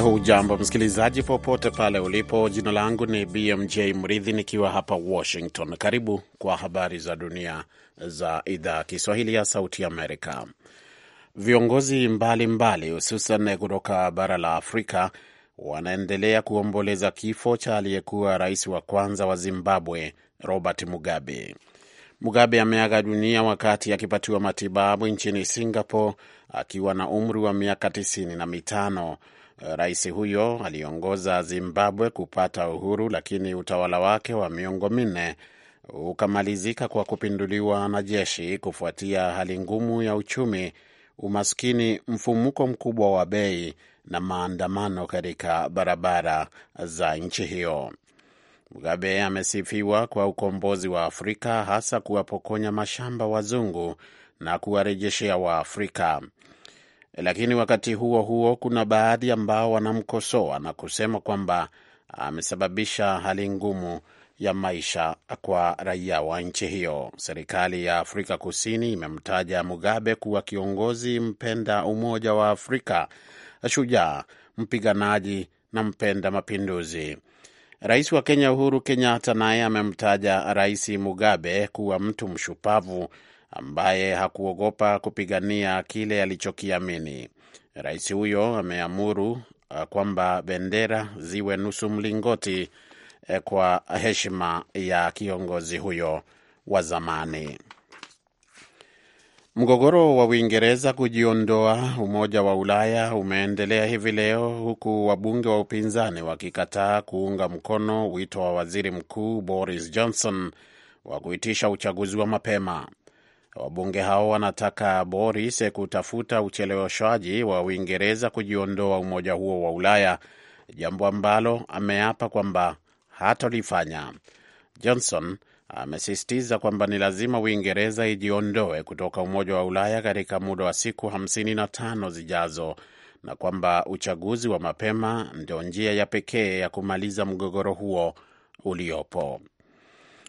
Hujambo msikilizaji, popote pale ulipo. Jina langu ni BMJ Mridhi, nikiwa hapa Washington. Karibu kwa habari za dunia za idhaa ya Kiswahili ya Sauti Amerika. Viongozi mbalimbali hususan kutoka bara la Afrika wanaendelea kuomboleza kifo cha aliyekuwa rais wa kwanza wa Zimbabwe, Robert Mugabe. Mugabe ameaga dunia wakati akipatiwa matibabu nchini Singapore akiwa na umri wa miaka tisini na mitano Eh, rais huyo aliongoza Zimbabwe kupata uhuru, lakini utawala wake wa miongo minne ukamalizika kwa kupinduliwa na jeshi kufuatia hali ngumu ya uchumi, umaskini, mfumuko mkubwa wa bei na maandamano katika barabara za nchi hiyo. Mugabe amesifiwa kwa ukombozi wa Afrika, hasa kuwapokonya mashamba wazungu na kuwarejeshea Waafrika lakini wakati huo huo kuna baadhi ambao wanamkosoa na kusema kwamba amesababisha hali ngumu ya maisha kwa raia wa nchi hiyo. Serikali ya Afrika Kusini imemtaja Mugabe kuwa kiongozi mpenda umoja wa Afrika, shujaa, mpiganaji na mpenda mapinduzi. Rais wa Kenya Uhuru Kenyatta naye amemtaja Rais Mugabe kuwa mtu mshupavu ambaye hakuogopa kupigania kile alichokiamini. Rais huyo ameamuru uh, kwamba bendera ziwe nusu mlingoti uh, kwa heshima ya kiongozi huyo wa zamani. Mgogoro wa Uingereza kujiondoa Umoja wa Ulaya umeendelea hivi leo huku wabunge wa upinzani wakikataa kuunga mkono wito wa waziri mkuu Boris Johnson wa kuitisha uchaguzi wa mapema. Wabunge hao wanataka Boris kutafuta ucheleweshwaji wa Uingereza kujiondoa umoja huo wa Ulaya, jambo ambalo ameapa kwamba hatolifanya. Johnson amesisitiza kwamba ni lazima Uingereza ijiondoe kutoka umoja wa Ulaya katika muda wa siku 55 zijazo na kwamba uchaguzi wa mapema ndio njia ya pekee ya kumaliza mgogoro huo uliopo.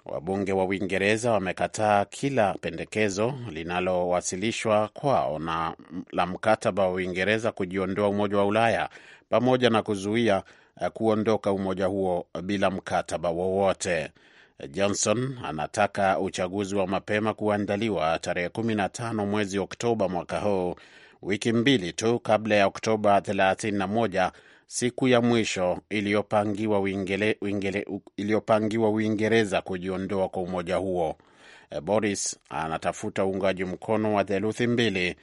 Wabunge wa Uingereza wamekataa kila pendekezo linalowasilishwa kwao na la mkataba wa Uingereza kujiondoa Umoja wa Ulaya pamoja na kuzuia eh, kuondoka umoja huo bila mkataba wowote. Johnson anataka uchaguzi wa mapema kuandaliwa tarehe 15 mwezi Oktoba mwaka huu, wiki mbili tu kabla ya Oktoba 31 siku ya mwisho iliyopangiwa Uingereza Uingele, kujiondoa kwa umoja huo. Eh, Boris anatafuta uungaji mkono wa theluthi mbili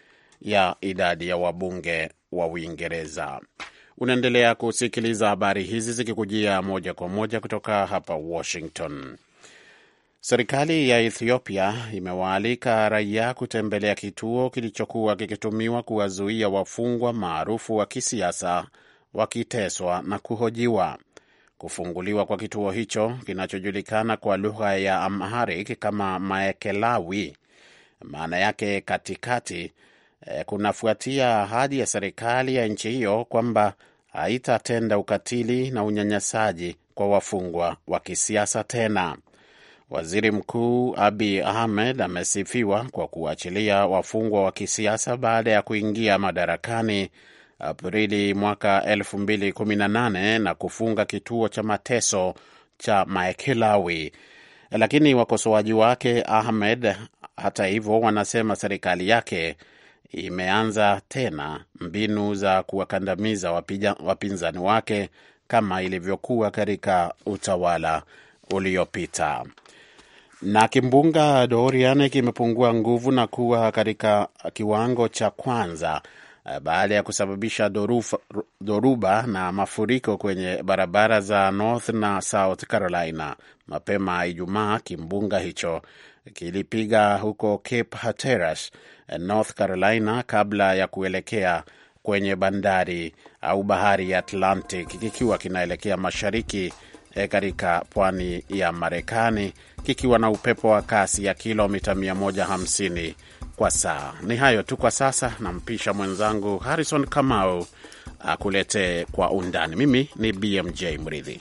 ya idadi ya wabunge wa Uingereza. Unaendelea kusikiliza habari hizi zikikujia moja kwa moja kutoka hapa Washington. Serikali ya Ethiopia imewaalika raia kutembelea kituo kilichokuwa kikitumiwa kuwazuia wafungwa maarufu wa kisiasa wakiteswa na kuhojiwa. Kufunguliwa kwa kituo hicho kinachojulikana kwa lugha ya Amharic kama Maekelawi, maana yake katikati, eh, kunafuatia ahadi ya serikali ya nchi hiyo kwamba haitatenda ukatili na unyanyasaji kwa wafungwa wa kisiasa tena. Waziri Mkuu Abi Ahmed amesifiwa kwa kuachilia wafungwa wa kisiasa baada ya kuingia madarakani Aprili mwaka 2018 na kufunga kituo cha mateso cha Maekelawi, lakini wakosoaji wake Ahmed, hata hivyo, wanasema serikali yake imeanza tena mbinu za kuwakandamiza wapinzani wake kama ilivyokuwa katika utawala uliopita. Na kimbunga Dorian kimepungua nguvu na kuwa katika kiwango cha kwanza Eh, baada ya kusababisha dorufa, dhoruba na mafuriko kwenye barabara za North na South Carolina. Mapema Ijumaa, kimbunga hicho kilipiga huko Cape Hatteras, eh, North Carolina kabla ya kuelekea kwenye bandari au bahari ya Atlantic kikiwa kinaelekea mashariki eh, katika pwani ya Marekani kikiwa na upepo wa kasi ya kilomita 150 kwa saa. Ni hayo tu kwa sasa, nampisha mwenzangu Harrison Kamau akuletee kwa undani. Mimi ni BMJ Mridhi.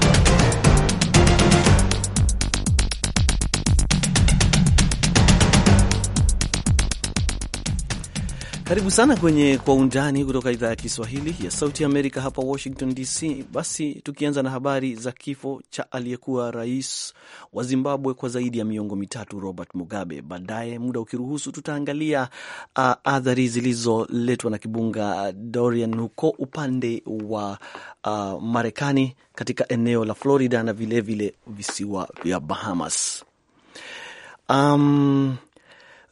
Karibu sana kwenye Kwa Undani kutoka idhaa ya Kiswahili ya Sauti Amerika hapa Washington DC. Basi tukianza na habari za kifo cha aliyekuwa rais wa Zimbabwe kwa zaidi ya miongo mitatu Robert Mugabe. Baadaye, muda ukiruhusu, tutaangalia uh, athari zilizoletwa na kibunga Dorian huko upande wa uh, Marekani katika eneo la Florida na vilevile vile visiwa vya Bahamas. um,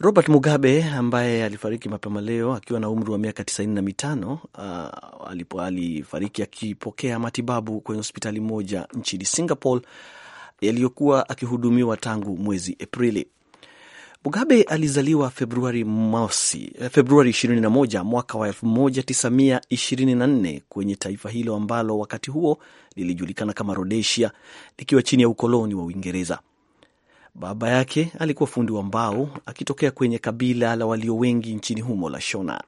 Robert Mugabe ambaye alifariki mapema leo akiwa na umri wa miaka mitano uh, alipo alifariki akipokea matibabu kwenye hospitali moja nchini Singapore yaliyokuwa akihudumiwa tangu mwezi Aprili. Mugabe alizaliwa Februari mosi, eh, Februari 21 mwaka wa 1924 kwenye taifa hilo ambalo wakati huo lilijulikana kama Rhodesia likiwa chini ya ukoloni wa Uingereza. Baba yake alikuwa fundi wa mbao akitokea kwenye kabila la walio wengi nchini humo la Shona.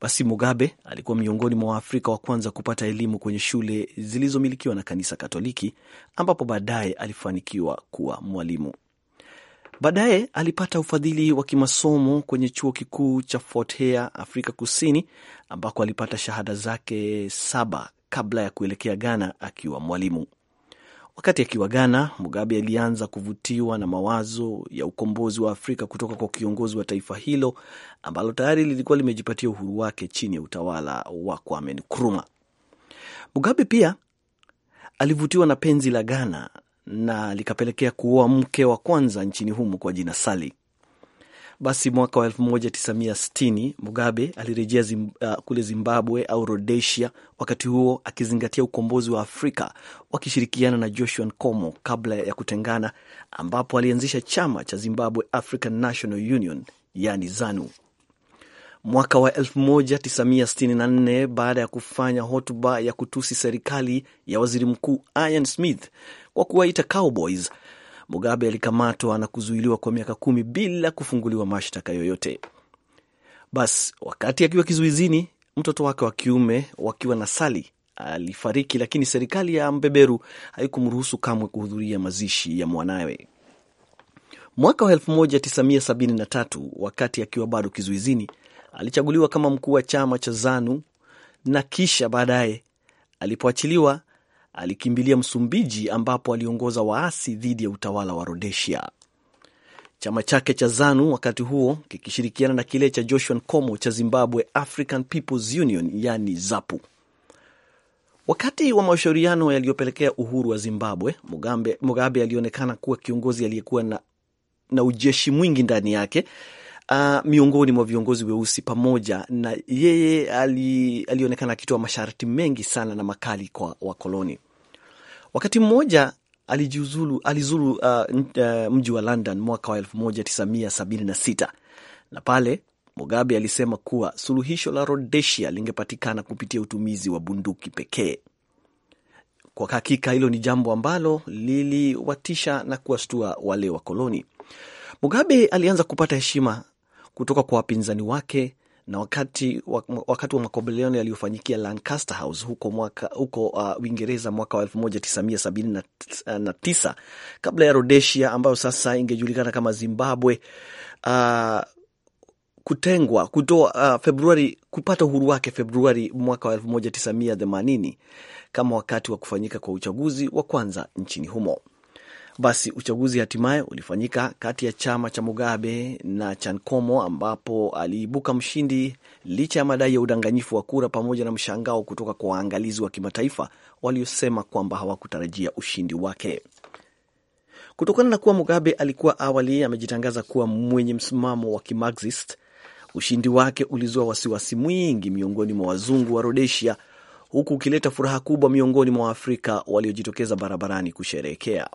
Basi Mugabe alikuwa miongoni mwa Waafrika wa kwanza kupata elimu kwenye shule zilizomilikiwa na kanisa Katoliki, ambapo baadaye alifanikiwa kuwa mwalimu. Baadaye alipata ufadhili wa kimasomo kwenye chuo kikuu cha Fort Hare, Afrika Kusini, ambako alipata shahada zake saba kabla ya kuelekea Ghana akiwa mwalimu. Wakati akiwa Ghana, Mugabe alianza kuvutiwa na mawazo ya ukombozi wa Afrika kutoka kwa kiongozi wa taifa hilo ambalo tayari lilikuwa limejipatia uhuru wake chini ya utawala wa Kwame Nkrumah. Mugabe pia alivutiwa na penzi la Ghana na likapelekea kuoa mke wa kwanza nchini humo kwa jina Sally. Basi mwaka wa 1960 Mugabe alirejea zim, uh, kule Zimbabwe au Rhodesia, wakati huo akizingatia ukombozi wa Afrika wakishirikiana na Joshua Nkomo kabla ya kutengana, ambapo alianzisha chama cha Zimbabwe African National Union, yani ZANU. Mwaka wa 1964 baada ya kufanya hotuba ya kutusi serikali ya waziri mkuu Ian Smith kwa kuwaita cowboys, Mugabe alikamatwa na kuzuiliwa kwa miaka kumi bila kufunguliwa mashtaka yoyote. Bas, wakati akiwa kizuizini, mtoto wake wa kiume wakiwa na Sali alifariki, lakini serikali ya mbeberu haikumruhusu kamwe kuhudhuria mazishi ya mwanawe. Mwaka wa 1973 wakati akiwa bado kizuizini, alichaguliwa kama mkuu wa chama cha ZANU na kisha baadaye alipoachiliwa alikimbilia Msumbiji ambapo aliongoza waasi dhidi ya utawala wa Rhodesia. Chama chake cha ZANU wakati huo kikishirikiana na kile cha Joshua Nkomo cha Zimbabwe African Peoples Union, yani ZAPU. Wakati wa mashauriano yaliyopelekea uhuru wa Zimbabwe, Mugabe, Mugabe alionekana kuwa kiongozi aliyekuwa na, na ujeshi mwingi ndani yake uh, miongoni mwa viongozi weusi pamoja na yeye ali, alionekana akitoa masharti mengi sana na makali kwa wakoloni. Wakati mmoja alijiuzulu, alizuru uh, uh, mji wa London mwaka wa 1976 na pale Mugabe alisema kuwa suluhisho la Rhodesia lingepatikana kupitia utumizi wa bunduki pekee. Kwa hakika hilo ni jambo ambalo liliwatisha na kuwashtua wale wakoloni. Mugabe alianza kupata heshima kutoka kwa wapinzani wake na wakati, wakati wa makobeleano yaliyofanyikia Lancaster House huko, mwaka, huko uh, Uingereza mwaka wa 1979 kabla ya Rhodesia ambayo sasa ingejulikana kama Zimbabwe uh, kutengwa kutoa uh, Februari kupata uhuru wake Februari mwaka wa 1980 kama wakati wa kufanyika kwa uchaguzi wa kwanza nchini humo. Basi uchaguzi hatimaye ulifanyika kati ya chama cha Mugabe na Chankomo ambapo aliibuka mshindi licha ya madai ya udanganyifu wa kura pamoja na mshangao kutoka kwa waangalizi wa kimataifa waliosema kwamba hawakutarajia ushindi wake. Kutokana na kuwa Mugabe alikuwa awali amejitangaza kuwa mwenye msimamo wa Kimarxist, ushindi wake ulizua wasiwasi mwingi miongoni mwa wazungu wa Rhodesia, huku ukileta furaha kubwa miongoni mwa Waafrika waliojitokeza barabarani kusherehekea.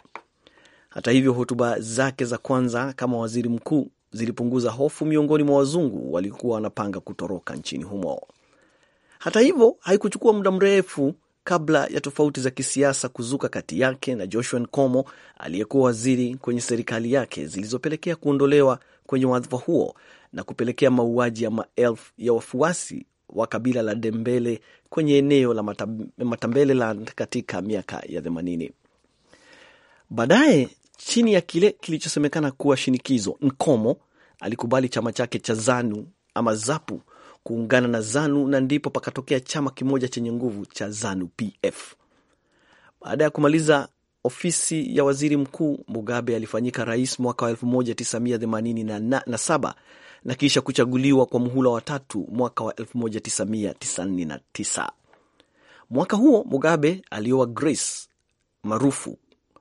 Hata hivyo, hotuba zake za kwanza kama waziri mkuu zilipunguza hofu miongoni mwa wazungu walikuwa wanapanga kutoroka nchini humo. Hata hivyo, haikuchukua muda mrefu kabla ya tofauti za kisiasa kuzuka kati yake na Joshua Nkomo aliyekuwa waziri kwenye serikali yake zilizopelekea kuondolewa kwenye wadhifa huo na kupelekea mauaji ya maelfu ya wafuasi wa kabila la Dembele kwenye eneo la Matambeleland katika miaka ya themanini. Baadaye Chini ya kile kilichosemekana kuwa shinikizo, Nkomo alikubali chama chake cha ZANU ama ZAPU kuungana na ZANU na ndipo pakatokea chama kimoja chenye nguvu cha ZANU PF. Baada ya kumaliza ofisi ya waziri mkuu, Mugabe alifanyika rais mwaka wa 1987 na, na kisha kuchaguliwa kwa muhula wa tatu mwaka wa 1999. Mwaka huo Mugabe alioa Grace marufu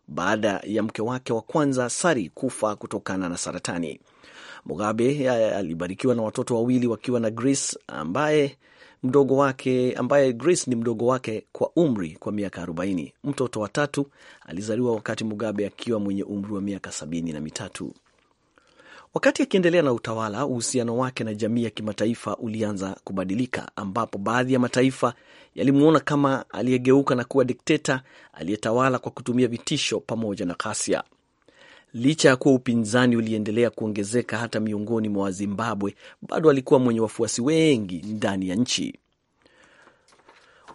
baada ya mke wake wa kwanza Sari kufa kutokana na saratani. Mugabe alibarikiwa na watoto wawili wakiwa na Grace ambaye mdogo wake ambaye Grace ni mdogo wake kwa umri kwa miaka 40. Mtoto wa tatu alizaliwa wakati Mugabe akiwa mwenye umri wa miaka sabini na mitatu. Wakati akiendelea na utawala, uhusiano wake na jamii ya kimataifa ulianza kubadilika, ambapo baadhi ya mataifa yalimwona kama aliyegeuka na kuwa dikteta aliyetawala kwa kutumia vitisho pamoja na ghasia. Licha ya kuwa upinzani uliendelea kuongezeka hata miongoni mwa Wazimbabwe, bado alikuwa mwenye wafuasi wengi ndani ya nchi.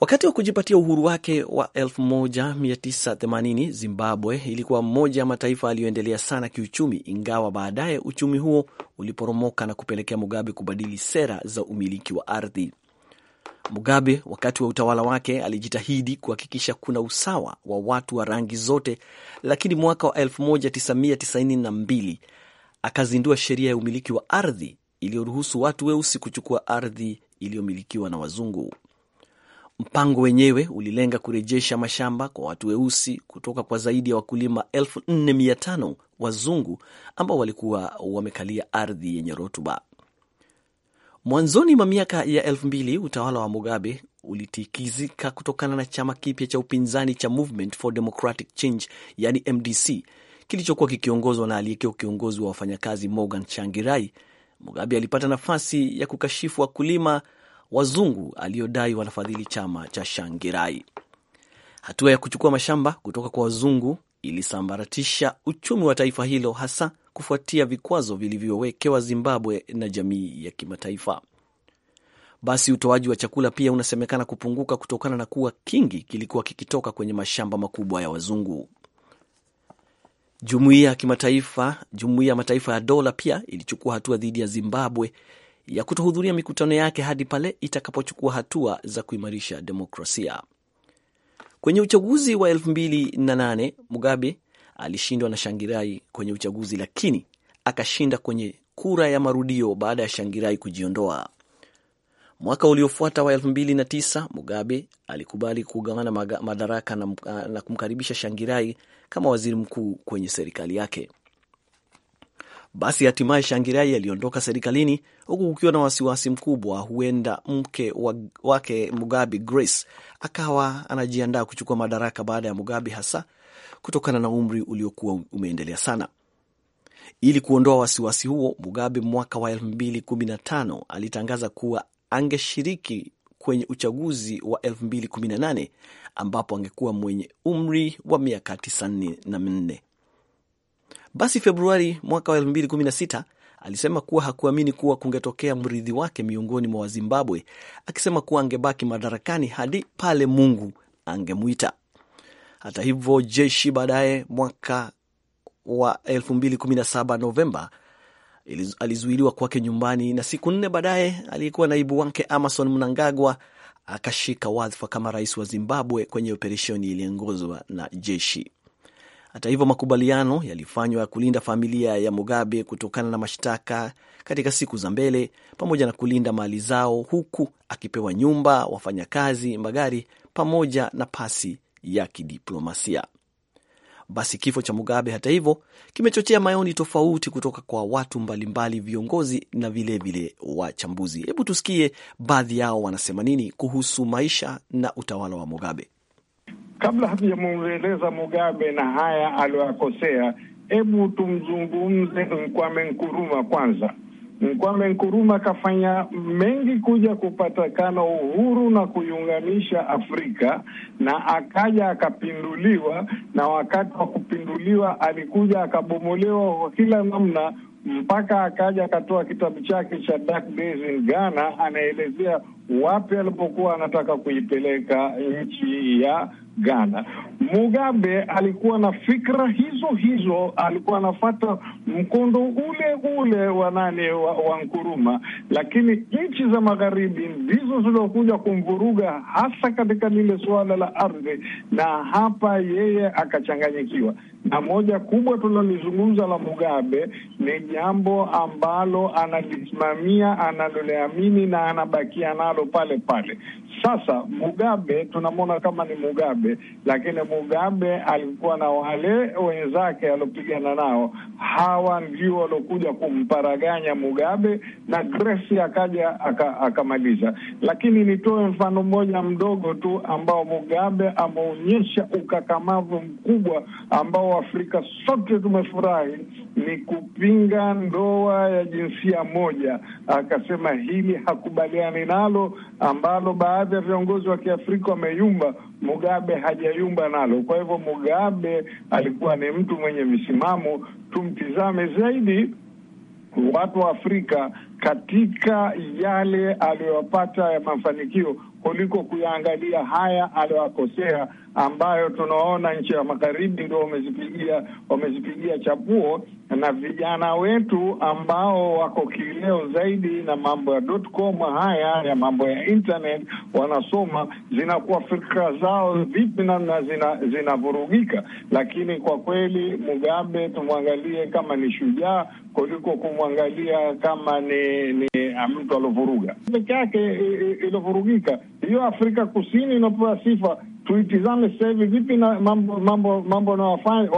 Wakati wa kujipatia uhuru wake wa 1980 Zimbabwe ilikuwa mmoja ya mataifa aliyoendelea sana kiuchumi, ingawa baadaye uchumi huo uliporomoka na kupelekea Mugabe kubadili sera za umiliki wa ardhi. Mugabe wakati wa utawala wake alijitahidi kuhakikisha kuna usawa wa watu wa rangi zote, lakini mwaka wa 1992 akazindua sheria ya umiliki wa ardhi iliyoruhusu watu weusi kuchukua ardhi iliyomilikiwa na wazungu. Mpango wenyewe ulilenga kurejesha mashamba kwa watu weusi kutoka kwa zaidi ya wakulima 4500 wazungu ambao walikuwa wamekalia ardhi yenye rutuba. Mwanzoni mwa miaka ya 20 utawala wa Mugabe ulitikizika kutokana na chama kipya cha upinzani cha Movement for Democratic Change, yani MDC, kilichokuwa kikiongozwa na aliyekuwa kiongozi wa wafanyakazi Morgan Changirai. Mugabe alipata nafasi ya kukashifu wakulima wazungu aliyodai wanafadhili chama cha Shangirai. Hatua ya kuchukua mashamba kutoka kwa wazungu ilisambaratisha uchumi wa taifa hilo, hasa kufuatia vikwazo vilivyowekewa Zimbabwe na jamii ya kimataifa. Basi utoaji wa chakula pia unasemekana kupunguka kutokana na kuwa kingi kilikuwa kikitoka kwenye mashamba makubwa ya wazungu. Jumuiya ya kimataifa, jumuiya ya mataifa ya dola pia ilichukua hatua dhidi ya Zimbabwe ya kutohudhuria mikutano yake hadi pale itakapochukua hatua za kuimarisha demokrasia. Kwenye uchaguzi wa 2008 Mugabe alishindwa na Shangirai kwenye uchaguzi, lakini akashinda kwenye kura ya marudio baada ya Shangirai kujiondoa. Mwaka uliofuata wa 2009 Mugabe alikubali kugawana madaraka na, na kumkaribisha Shangirai kama waziri mkuu kwenye serikali yake. Basi hatimaye Shangirai aliondoka serikalini huku kukiwa na wasiwasi mkubwa, huenda mke wake Mugabe, Grace, akawa anajiandaa kuchukua madaraka baada ya Mugabe, hasa kutokana na umri uliokuwa umeendelea sana. Ili kuondoa wasiwasi huo, Mugabe mwaka wa 2015 alitangaza kuwa angeshiriki kwenye uchaguzi wa 2018 ambapo angekuwa mwenye umri wa miaka 94. Basi Februari mwaka wa 216 alisema kuwa hakuamini kuwa kungetokea mrithi wake miongoni mwa Wazimbabwe, akisema kuwa angebaki madarakani hadi pale Mungu angemwita. Hata hivyo, jeshi baadaye mwaka wa 2017 Novemba alizuiliwa kwake nyumbani na siku nne baadaye aliyekuwa naibu wake Amason Mnangagwa akashika wadhifa kama rais wa Zimbabwe kwenye operesheni iliyoongozwa na jeshi. Hata hivyo, makubaliano yalifanywa ya kulinda familia ya Mugabe kutokana na mashtaka katika siku za mbele, pamoja na kulinda mali zao, huku akipewa nyumba, wafanyakazi, magari pamoja na pasi ya kidiplomasia. Basi kifo cha Mugabe hata hivyo kimechochea maoni tofauti kutoka kwa watu mbalimbali, viongozi na vilevile wachambuzi. Hebu tusikie baadhi yao wanasema nini kuhusu maisha na utawala wa Mugabe kabla hatujamueleza Mugabe na haya aliyoyakosea, hebu tumzungumze Nkwame Nkuruma kwanza. Nkwame Nkuruma akafanya mengi kuja kupatikana uhuru na kuiunganisha Afrika, na akaja akapinduliwa, na wakati wa kupinduliwa alikuja akabomolewa kwa kila namna mpaka akaja akatoa kitabu chake cha Dark Days in Ghana, anaelezea wapi alipokuwa anataka kuipeleka nchi ya Ghana. Mugabe alikuwa na fikra hizo hizo, alikuwa anafata mkondo ule ule wa nani wa, wa Nkuruma, lakini nchi za magharibi ndizo zilizokuja kumvuruga hasa katika lile suala la ardhi, na hapa yeye akachanganyikiwa. Na moja kubwa tunalizungumza la Mugabe ni jambo ambalo analisimamia, analoliamini na anabakia nalo pale pale. Sasa Mugabe tunamwona kama ni Mugabe Mugabe, lakini Mugabe alikuwa na wale wenzake aliopigana nao. Hawa ndio waliokuja kumparaganya Mugabe na Grace akaja akamaliza aka. Lakini nitoe mfano mmoja mdogo tu ambao Mugabe ameonyesha ukakamavu mkubwa ambao Afrika sote tumefurahi ni kupinga ndoa ya jinsia moja. Akasema hili hakubaliani nalo, ambalo baadhi ya viongozi wa Kiafrika wameyumba, Mugabe hajayumba nalo. Kwa hivyo, Mugabe alikuwa ni mtu mwenye misimamo. Tumtizame zaidi watu wa Afrika katika yale aliyopata ya mafanikio kuliko kuyaangalia haya aliyokosea, ambayo tunaona nchi ya magharibi ndio wamezipigia wamezipigia chapuo na vijana wetu ambao wako kileo zaidi na mambo ya dotcom haya ya mambo ya internet, wanasoma zinakuwa fikra zao vipi namna zinavurugika, zina lakini kwa kweli Mugabe tumwangalie kama ni shujaa kuliko kumwangalia kama ni, ni ah, mtu alovuruga peke yake ilovurugika. Hiyo Afrika Kusini inapewa sifa tuitizame sasa hivi vipi na mambo mambo mambo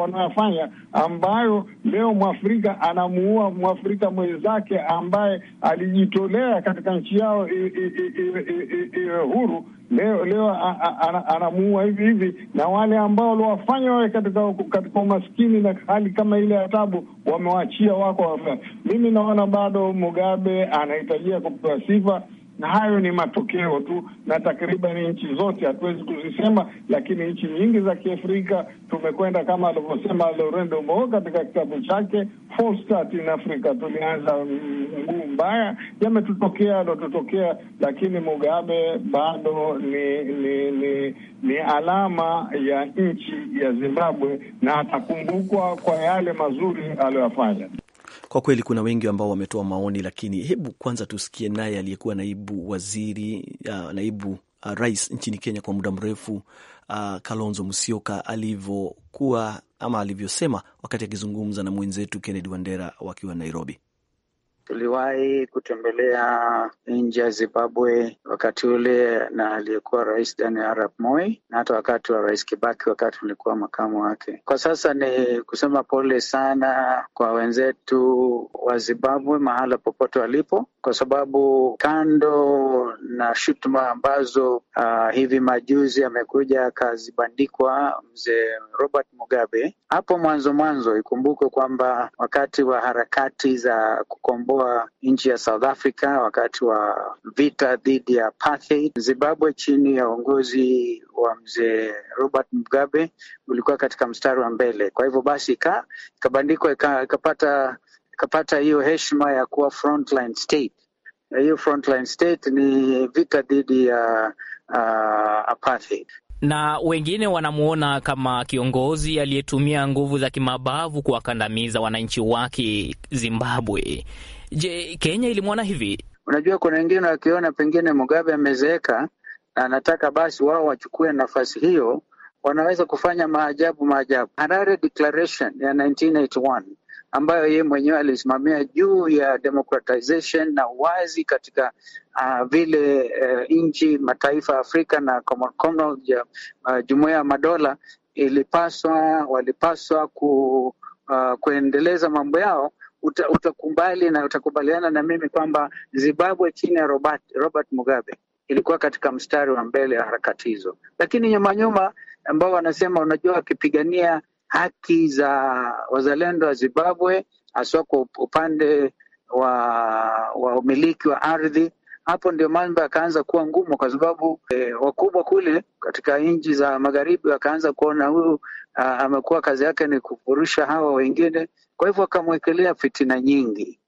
wanayofanya ambayo leo Mwafrika anamuua Mwafrika mwenzake ambaye alijitolea katika nchi yao iwe huru. Leo leo anamuua hivi hivi, na wale ambao waliwafanya wawe katika katika umaskini na hali kama ile ya tabu, wamewachia wako. Mimi naona bado Mugabe anahitajia kupewa sifa na hayo ni matokeo tu, na takriban nchi zote, hatuwezi kuzisema, lakini nchi nyingi za Kiafrika tumekwenda kama alivyosema lorendo Mo katika kitabu chake False Start in Africa, tulianza mguu mbaya, yametutokea alotutokea, lakini Mugabe bado ni ni, ni ni alama ya nchi ya Zimbabwe na atakumbukwa kwa yale mazuri aliyoyafanya. Kwa kweli kuna wengi ambao wametoa maoni, lakini hebu kwanza tusikie naye aliyekuwa naibu waziri uh, naibu uh, rais nchini Kenya kwa muda mrefu uh, Kalonzo Musyoka alivyokuwa ama alivyosema wakati akizungumza na mwenzetu Kennedy Wandera wakiwa Nairobi. Tuliwahi kutembelea nchi ya Zimbabwe wakati ule na aliyekuwa Rais Daniel Arap Moi na hata wakati wa Rais Kibaki wakati ulikuwa makamu wake. Kwa sasa ni kusema pole sana kwa wenzetu wa Zimbabwe mahala popote walipo, kwa sababu kando na shutuma ambazo uh, hivi majuzi amekuja akazibandikwa mzee Robert Mugabe hapo mwanzo mwanzo, ikumbukwe kwamba wakati wa harakati za kukomboa kuikomboa nchi ya South Africa wakati wa vita dhidi ya apartheid. Zimbabwe chini ya uongozi wa mzee Robert Mugabe ulikuwa katika mstari wa mbele. Kwa hivyo basi ikabandikwa ikapata ikapata hiyo heshima ya kuwa frontline state. Hiyo frontline state ni vita dhidi ya uh, apartheid na wengine wanamuona kama kiongozi aliyetumia nguvu za kimabavu kuwakandamiza wananchi wake Zimbabwe. Je, Kenya ilimwona hivi? Unajua, kuna wengine wakiona pengine Mugabe amezeeka na anataka basi wao wachukue nafasi hiyo, wanaweza kufanya maajabu maajabu. Harare Declaration ya 1981 ambayo yeye mwenyewe alisimamia juu ya democratization na uwazi katika uh, vile uh, nchi mataifa ya Afrika na Commonwealth ya uh, Jumuiya ya Madola ilipaswa walipaswa ku, uh, kuendeleza mambo yao uta, utakubali na utakubaliana na mimi kwamba Zimbabwe chini ya Robert, Robert Mugabe ilikuwa katika mstari wa mbele ya harakati hizo, lakini nyuma nyuma ambao wanasema unajua, wakipigania haki za wazalendo wa Zimbabwe haswa kwa upande wa, wa umiliki wa ardhi hapo ndio mambo yakaanza kuwa ngumu kwa sababu e, wakubwa kule katika nchi za magharibi wakaanza kuona huyu ah, amekuwa kazi yake ni kufurusha hawa wengine, kwa hivyo akamwekelea fitina nyingi.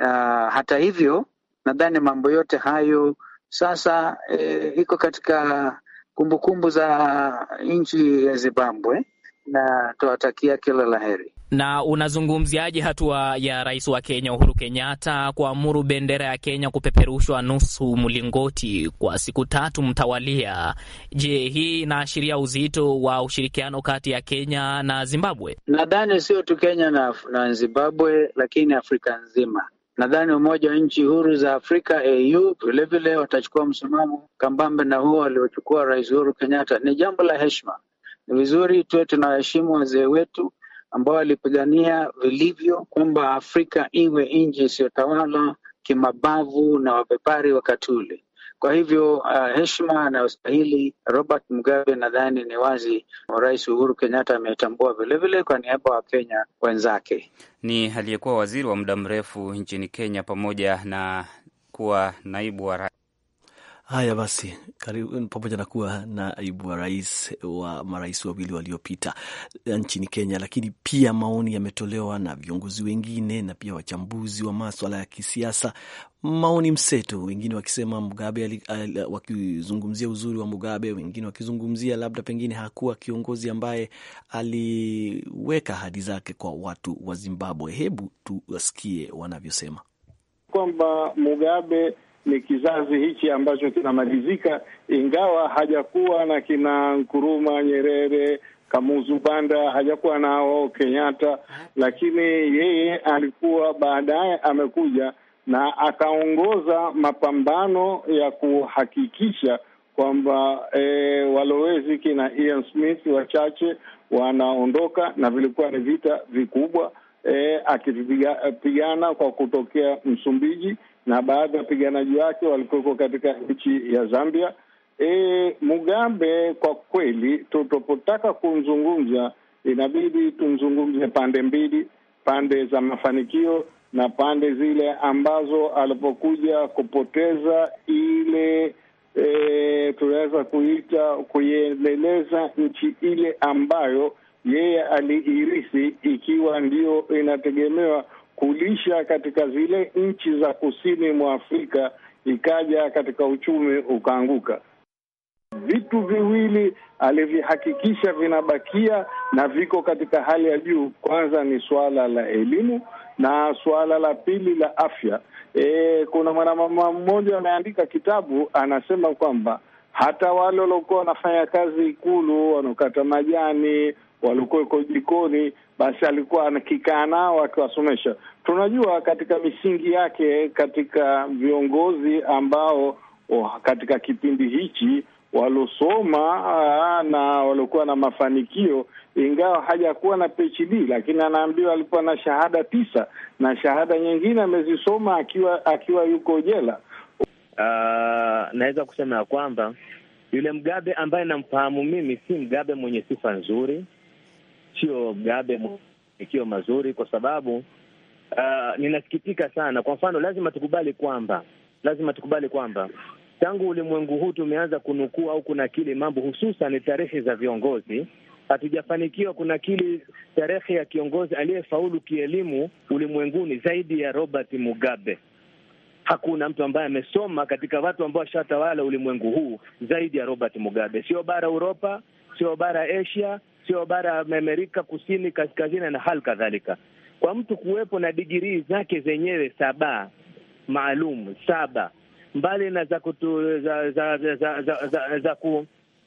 Uh, hata hivyo nadhani mambo yote hayo sasa eh, iko katika kumbukumbu za nchi ya Zimbabwe na tuwatakia kila la heri. Na unazungumziaje hatua ya rais wa Kenya Uhuru Kenyatta kuamuru bendera ya Kenya kupeperushwa nusu mlingoti kwa siku tatu mtawalia? Je, hii inaashiria uzito wa ushirikiano kati ya Kenya na Zimbabwe? Nadhani sio tu Kenya na, na Zimbabwe, lakini Afrika nzima. Nadhani umoja wa nchi huru za Afrika AU vilevile watachukua msimamo kambambe na huo aliochukua Rais Uhuru Kenyatta. Ni jambo la heshima, ni vizuri tuwe tunaheshimu wazee wetu ambao alipigania vilivyo kwamba Afrika iwe nchi isiyotawala kimabavu na wabepari wakati ule. Kwa hivyo uh, heshima anayostahili Robert Mugabe nadhani ni wazi, Rais Uhuru Kenyatta ametambua vilevile kwa niaba wa Kenya wenzake. Ni aliyekuwa waziri wa muda mrefu nchini Kenya pamoja na kuwa naibu wa rais Haya basi, pamoja na kuwa naibu wa rais wa marais wawili waliopita eh, nchini Kenya, lakini pia maoni yametolewa na viongozi wengine na pia wachambuzi wa maswala ya kisiasa, maoni mseto, wengine wakisema Mugabe, wakizungumzia uzuri wa Mugabe, wengine wakizungumzia labda pengine hakuwa kiongozi ambaye aliweka ahadi zake kwa watu wa Zimbabwe. Hebu tuwasikie wanavyosema kwamba Mugabe ni kizazi hichi ambacho kinamalizika, ingawa hajakuwa na kina Nkuruma, Nyerere, Kamuzu Banda, hajakuwa nao Kenyatta, lakini yeye alikuwa baadaye amekuja na akaongoza mapambano ya kuhakikisha kwamba e, walowezi kina Ian Smith wachache wanaondoka, na vilikuwa ni vita vikubwa e, eh, akipigana kwa kutokea Msumbiji na baadhi ya wapiganaji wake walikuwekwa katika nchi ya Zambia. E, Mugabe kwa kweli, tutapotaka kumzungumza inabidi tumzungumze pande mbili, pande za mafanikio na pande zile ambazo alipokuja kupoteza ile e, tunaweza kuita kuiendeleza nchi ile ambayo yeye aliirisi, ikiwa ndio inategemewa kulisha katika zile nchi za kusini mwa Afrika, ikaja katika uchumi ukaanguka. Vitu viwili alivihakikisha vinabakia na viko katika hali ya juu. Kwanza ni suala la elimu na suala la pili la afya. E, kuna mwanamama mmoja ameandika kitabu anasema kwamba hata wale waliokuwa wanafanya kazi Ikulu, wanaokata majani, walikuweko jikoni, basi alikuwa anakikaa nao akiwasomesha. Tunajua katika misingi yake, katika viongozi ambao oh, katika kipindi hichi waliosoma na waliokuwa na mafanikio, ingawa hajakuwa na PhD, lakini anaambiwa alikuwa na shahada tisa na shahada nyingine amezisoma akiwa akiwa yuko jela. Uh, naweza kusema ya kwamba yule Mgabe ambaye namfahamu mimi si Mgabe mwenye sifa nzuri, sio Gabe mafanikio mazuri, kwa sababu uh, ninasikitika sana. Kwa mfano, lazima tukubali kwamba lazima tukubali kwamba tangu ulimwengu huu tumeanza kunukuu au kunakili mambo hususan tarehe za viongozi, hatujafanikiwa kunakili tarehe ya kiongozi aliyefaulu kielimu ulimwenguni zaidi ya Robert Mugabe. Hakuna mtu ambaye amesoma katika watu ambao washatawala ulimwengu huu zaidi ya Robert Mugabe, sio bara Uropa, sio bara Asia, sio bara Amerika Kusini, kaskazini na hali kadhalika, kwa mtu kuwepo na digirii zake zenyewe saba maalum saba, mbali na za kutu, za za za za, za, za, za, ku,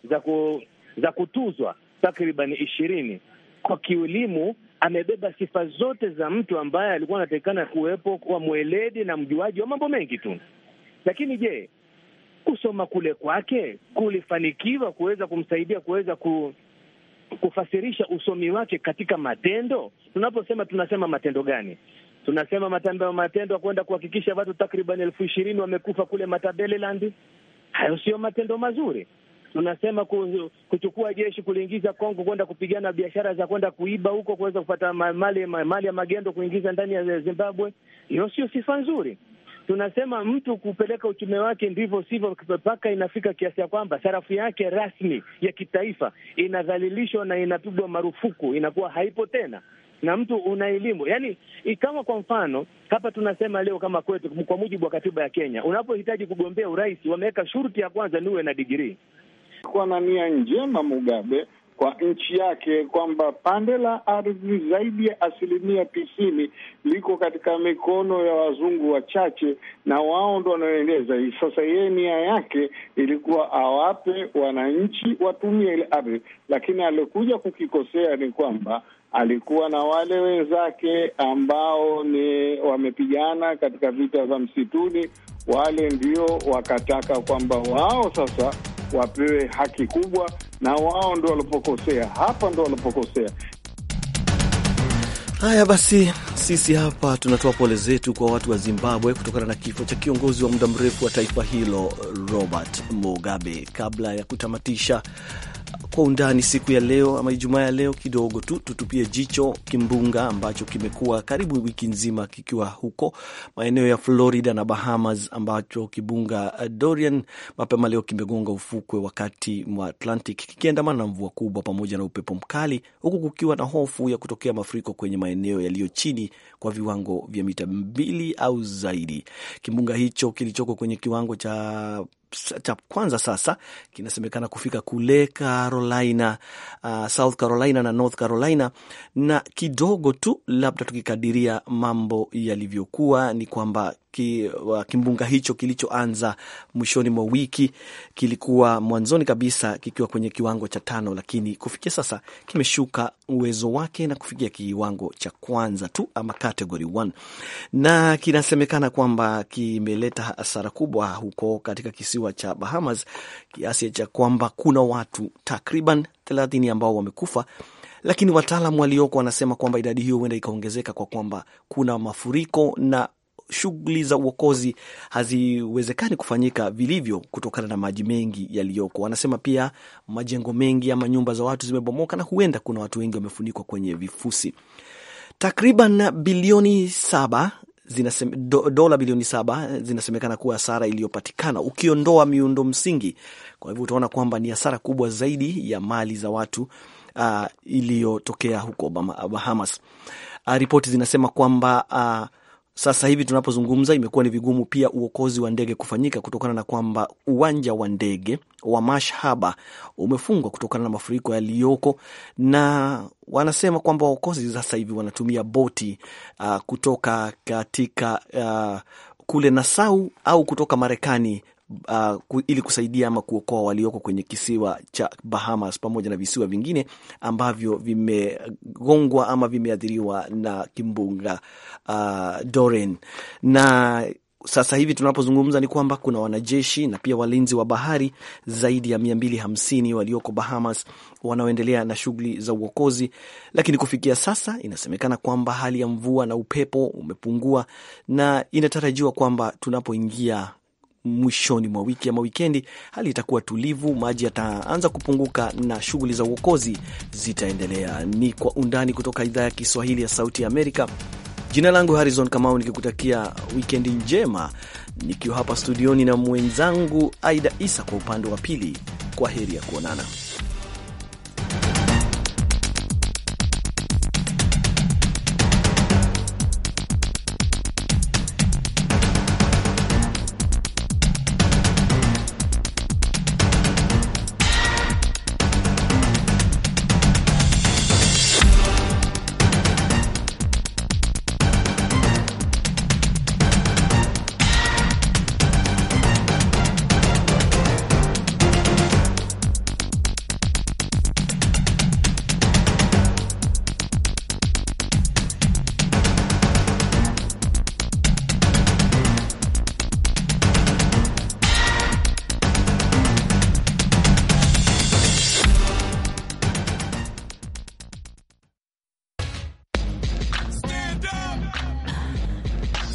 za, ku, za kutuzwa takriban ishirini kwa kiulimu amebeba sifa zote za mtu ambaye alikuwa anatakikana kuwepo kwa mweledi na mjuaji wa mambo mengi tu. Lakini je, kusoma kule kwake kulifanikiwa kuweza kumsaidia kuweza ku, kufasirisha usomi wake katika matendo. Tunaposema tunasema matendo gani? Tunasema matendo, matendo ya kwenda kuhakikisha watu takriban elfu ishirini wamekufa kule Matabeleland. Hayo sio matendo mazuri. Tunasema kuchukua jeshi kuliingiza Kongo kwenda kupigana biashara za kwenda kuiba huko, kuweza kupata mali mali ya magendo kuingiza ndani ya Zimbabwe, hiyo sio sifa nzuri tunasema mtu kupeleka uchumi wake ndivyo sivyo, mpaka inafika kiasi ya kwamba sarafu yake rasmi ya kitaifa inadhalilishwa na inapigwa marufuku, inakuwa haipo tena na mtu una elimu yani, ikawa kwa mfano hapa tunasema leo kama kwetu, kwa mujibu wa katiba ya Kenya, unapohitaji kugombea urais wameweka shurti ya kwanza ni uwe na digrii. Kuwa na nia njema, Mugabe kwa nchi yake kwamba pande la ardhi zaidi ya asilimia tisini liko katika mikono ya wazungu wachache, na wao ndo wanaoendeza hii. Sasa yeye nia yake ilikuwa awape wananchi watumie ile ardhi, lakini aliokuja kukikosea ni kwamba alikuwa na wale wenzake ambao ni wamepigana katika vita za msituni, wale ndio wakataka kwamba wao sasa wapewe haki kubwa, na wao ndo walipokosea, hapa ndo walipokosea. Haya basi, sisi hapa tunatoa pole zetu kwa watu wa Zimbabwe kutokana na kifo cha kiongozi wa muda mrefu wa taifa hilo Robert Mugabe. Kabla ya kutamatisha kwa undani siku ya leo ama Ijumaa ya leo, kidogo tu tutupie jicho kimbunga ambacho kimekuwa karibu wiki nzima kikiwa huko maeneo ya Florida na Bahamas, ambacho kibunga uh, Dorian mapema leo kimegonga ufukwe wakati mwa Atlantic kikiandamana na mvua kubwa pamoja na upepo mkali, huku kukiwa na hofu ya kutokea mafuriko kwenye maeneo yaliyo chini kwa viwango vya mita mbili au zaidi. Kimbunga hicho kilichoko kwenye kiwango cha cha kwanza sasa kinasemekana kufika kule Carolina, uh, South Carolina na North Carolina, na kidogo tu labda tukikadiria mambo yalivyokuwa ni kwamba ki, wa kimbunga hicho kilichoanza mwishoni mwa wiki kilikuwa mwanzoni kabisa kikiwa kwenye kiwango cha tano, lakini kufikia sasa kimeshuka uwezo wake na kufikia kiwango cha kwanza tu ama category one, na kinasemekana kwamba kimeleta hasara kubwa huko katika kisiwa cha Bahamas kiasi cha kwamba kuna watu takriban thelathini ambao wamekufa lakini wataalam walioko wanasema kwamba idadi hiyo huenda ikaongezeka kwa kwamba kuna mafuriko na shughuli za uokozi haziwezekani kufanyika vilivyo kutokana na maji mengi yaliyoko. Wanasema pia majengo mengi ama nyumba za watu zimebomoka na huenda kuna watu wengi wamefunikwa kwenye vifusi. Takriban bilioni saba Zinasem, do, dola bilioni saba zinasemekana kuwa hasara iliyopatikana ukiondoa miundo msingi. Kwa hivyo utaona kwamba ni hasara kubwa zaidi ya mali za watu uh, iliyotokea huko Bahamas. Uh, ripoti zinasema kwamba uh, sasa hivi tunapozungumza, imekuwa ni vigumu pia uokozi wa ndege kufanyika kutokana na kwamba uwanja wa ndege wa Mashhaba umefungwa kutokana na mafuriko yaliyoko, na wanasema kwamba waokozi sasa hivi wanatumia boti uh, kutoka katika uh, kule Nasau au kutoka Marekani uh, ili kusaidia ama kuokoa walioko kwenye kisiwa cha Bahamas pamoja na visiwa vingine ambavyo vimegongwa ama vimeathiriwa na kimbunga uh, Dorian na sasa hivi tunapozungumza ni kwamba kuna wanajeshi na pia walinzi wa bahari zaidi ya hamsini walioko Bahamas wanaoendelea na shughuli za uokozi, lakini kufikia sasa inasemekana kwamba hali ya mvua na upepo umepungua na inatarajiwa kwamba tunapoingia mwishoni mwa wiki ama wikendi, hali itakuwa tulivu, maji yataanza kupunguka na shughuli za uokozi zitaendelea. Ni kwa undani kutoka idhaa ya Kiswahili ya Sauti ya Amerika. Jina langu Harrison Kamau, nikikutakia wikendi njema, nikiwa hapa studioni na mwenzangu Aida Isa kwa upande wa pili. Kwa heri ya kuonana.